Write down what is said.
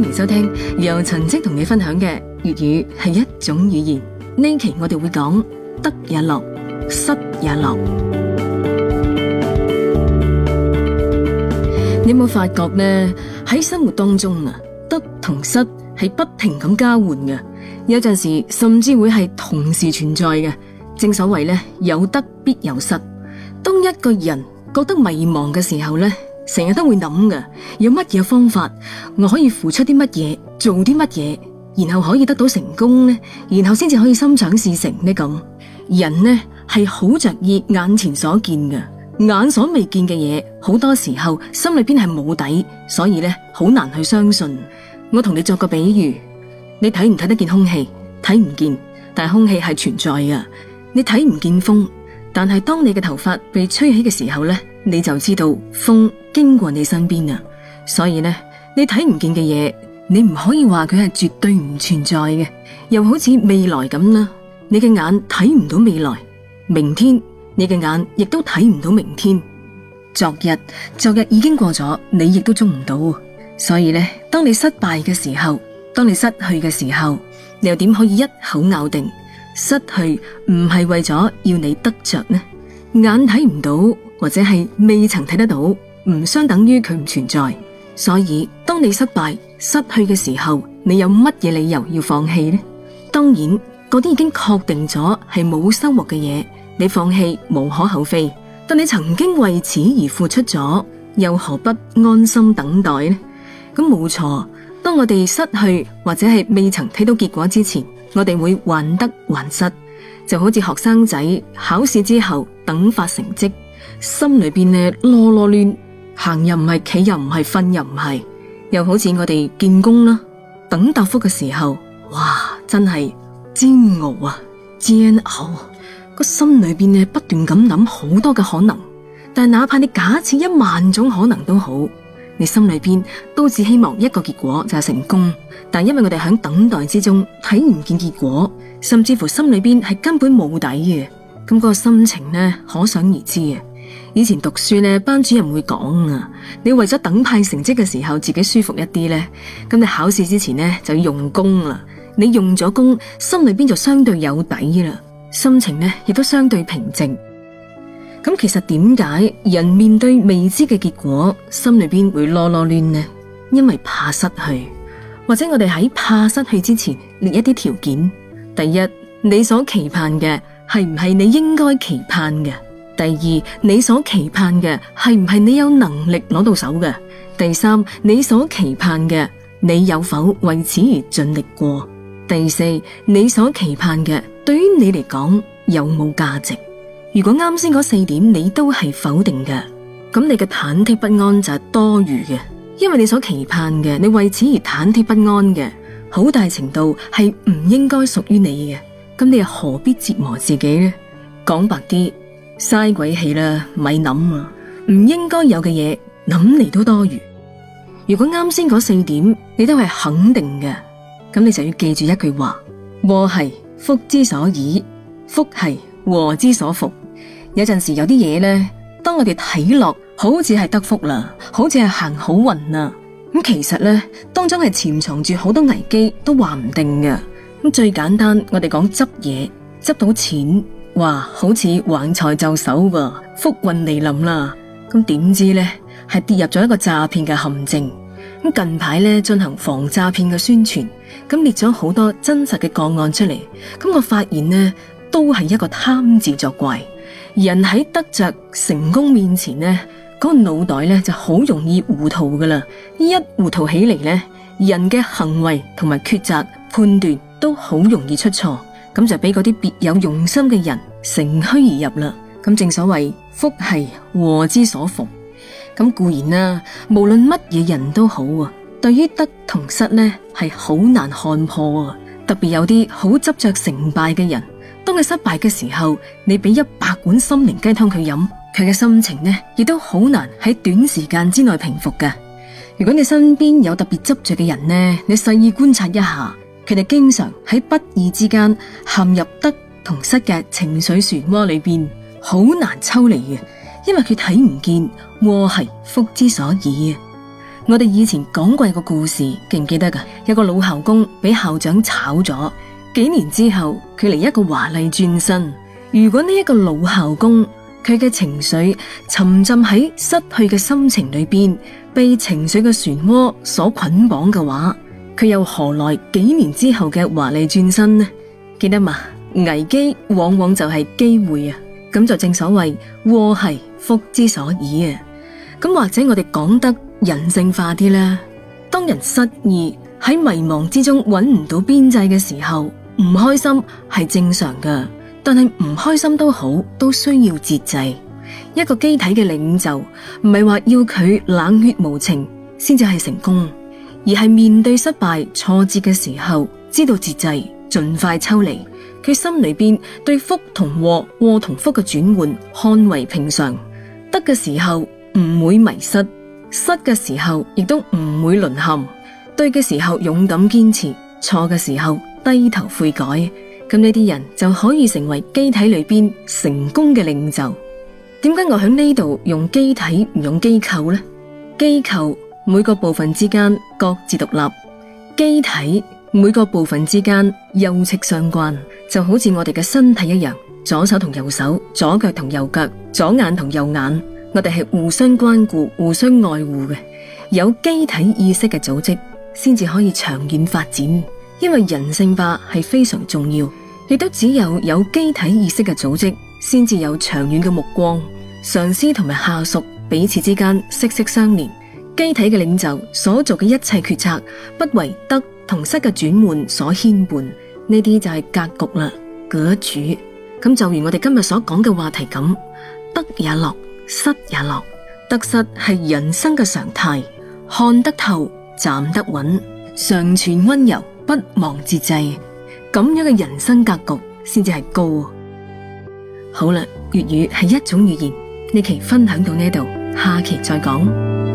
歡迎收聽，由陳清同你分享嘅粵語係一種語言。呢期我哋會講得也樂，失也樂。你有冇發覺呢？喺生活當中啊，得同失係不停咁交換嘅，有陣時甚至會係同時存在嘅。正所謂咧，有得必有失。當一個人覺得迷茫嘅時候咧。成日都會諗㗎，有乜嘢方法我可以付出啲乜嘢，做啲乜嘢，然後可以得到成功呢？然後先至可以心想事成呢？咁人呢係好着意眼前所見嘅，眼所未見嘅嘢好多時候心裏邊係冇底，所以呢，好難去相信。我同你作個比喻，你睇唔睇得見空氣？睇唔見，但係空氣係存在㗎。你睇唔見風。但係當你嘅頭髮被吹起嘅時候呢，你就知道風經過你身邊啊！所以呢，你睇唔見嘅嘢，你唔可以話佢係絕對唔存在嘅。又好似未來咁啦，你嘅眼睇唔到未來，明天你嘅眼亦都睇唔到明天。昨日，昨日已經過咗，你亦都捉唔到。所以呢，當你失敗嘅時候，當你失去嘅時候，你又點可以一口咬定？失去唔係為咗要你得着呢，眼睇唔到或者係未曾睇得到，唔相等於佢唔存在。所以當你失敗、失去嘅時候，你有乜嘢理由要放棄呢？當然，嗰啲已經確定咗係冇收穫嘅嘢，你放棄無可厚非。但你曾經為此而付出咗，又何不安心等待呢？咁冇錯，當我哋失去或者係未曾睇到結果之前。我哋會患得患失，就好似學生仔考試之後等發成績，心裏邊呢，囉囉攣，行又唔係，企又唔係，瞓又唔係，又好似我哋見工啦，等答覆嘅時候，哇，真係煎熬啊，煎熬，個心裏邊呢不斷咁諗好多嘅可能，但係哪怕你假設一萬種可能都好。你心裏邊都只希望一個結果，就係成功，但因為我哋喺等待之中睇唔見結果，甚至乎心裏邊係根本冇底嘅，咁、那、嗰個心情呢，可想而知啊！以前讀書呢，班主任會講啊，你為咗等派成績嘅時候自己舒服一啲呢，咁你考試之前呢，就要用功啦，你用咗功，心裏邊就相對有底啦，心情呢，亦都相對平靜。咁其實點解人面對未知嘅結果，心裏邊會囉囉攣呢？因為怕失去，或者我哋喺怕失去之前列一啲條件：第一，你所期盼嘅係唔係你應該期盼嘅？第二，你所期盼嘅係唔係你有能力攞到手嘅？第三，你所期盼嘅你有否為此而盡力過？第四，你所期盼嘅對於你嚟講有冇價值？如果啱先嗰四點你都係否定嘅，咁你嘅忐忑不安就係多餘嘅，因為你所期盼嘅，你為此而忐忑不安嘅，好大程度係唔應該屬於你嘅，咁你又何必折磨自己呢？講白啲，嘥鬼氣啦，咪諗啊，唔應該有嘅嘢諗嚟都多餘。如果啱先嗰四點你都係肯定嘅，咁你就要記住一句話：禍係福之所以，福係。禍之所伏。有陣時有啲嘢呢，當我哋睇落，好似係得福啦，好似係行好運啊，咁其實呢，當中係潛藏住好多危機，都話唔定噶。咁最簡單，我哋講執嘢，執到錢，哇，好似橫財就手噃，福運嚟臨啦，咁點知呢，係跌入咗一個詐騙嘅陷阱。咁近排呢，進行防詐騙嘅宣傳，咁列咗好多真實嘅個案出嚟，咁我發現呢。都係一個貪字作怪。人喺得着成功面前呢，嗰、那個腦袋呢就好容易糊塗㗎啦。一糊塗起嚟呢，人嘅行為同埋抉擇判斷都好容易出錯，咁就俾嗰啲別有用心嘅人乘虛而入啦。咁正所謂福係禍之所伏，咁固然啦，無論乜嘢人都好啊，對於得同失呢係好難看破啊，特別有啲好執着成敗嘅人。當佢失敗嘅時候，你俾一百碗心靈雞湯佢飲，佢嘅心情呢，亦都好難喺短時間之內平復嘅。如果你身邊有特別執着嘅人呢，你細意觀察一下，佢哋經常喺不意之間陷入得同失嘅情緒漩渦裏邊，好難抽離嘅，因為佢睇唔見禍兮福之所以。我哋以前講過一個故事，記唔記得噶？有個老校工俾校長炒咗。幾年之後，佢嚟一個華麗轉身。如果呢一個老校工，佢嘅情緒沉浸喺失去嘅心情裏邊，被情緒嘅漩渦所捆綁嘅話，佢又何來幾年之後嘅華麗轉身呢？記得嘛，危機往往就係機會啊！咁就正所謂禍兮福之所倚啊！咁或者我哋講得人性化啲咧，當人失意。喺迷茫之中揾唔到邊際嘅時候，唔開心係正常㗎。但係唔開心都好，都需要節制。一個機體嘅領袖唔係話要佢冷血無情先至係成功，而係面對失敗挫折嘅時候，知道節制，盡快抽離，佢心裏邊對福同禍、禍同福嘅轉換，看為平常。得嘅時候唔會迷失，失嘅時候亦都唔會淪陷。對嘅時候勇敢堅持，錯嘅時候低頭悔改，咁呢啲人就可以成為機體裏邊成功嘅領袖。點解我喺呢度用機體唔用機構呢？機構每個部分之間各自獨立，機體每個部分之間休戚相關，就好似我哋嘅身體一樣，左手同右手、左腳同右腳、左眼同右眼，我哋係互相關顧、互相愛護嘅，有機體意識嘅組織，先至可以長遠發展，因為人性化係非常重要，亦都只有有機體意識嘅組織，先至有長遠嘅目光。上司同埋下屬彼此之間息息相連，機體嘅領袖所做嘅一切決策，不為得同失嘅轉換所牽絆。呢啲就係格局啦，個主。咁就如我哋今日所講嘅話題咁，得也樂，失也樂，得失係人生嘅常態，看得透。站得穩，常存溫柔，不忘節制，咁樣嘅人生格局先至係高。好啦，粵語係一種語言，呢期分享到呢度，下期再講。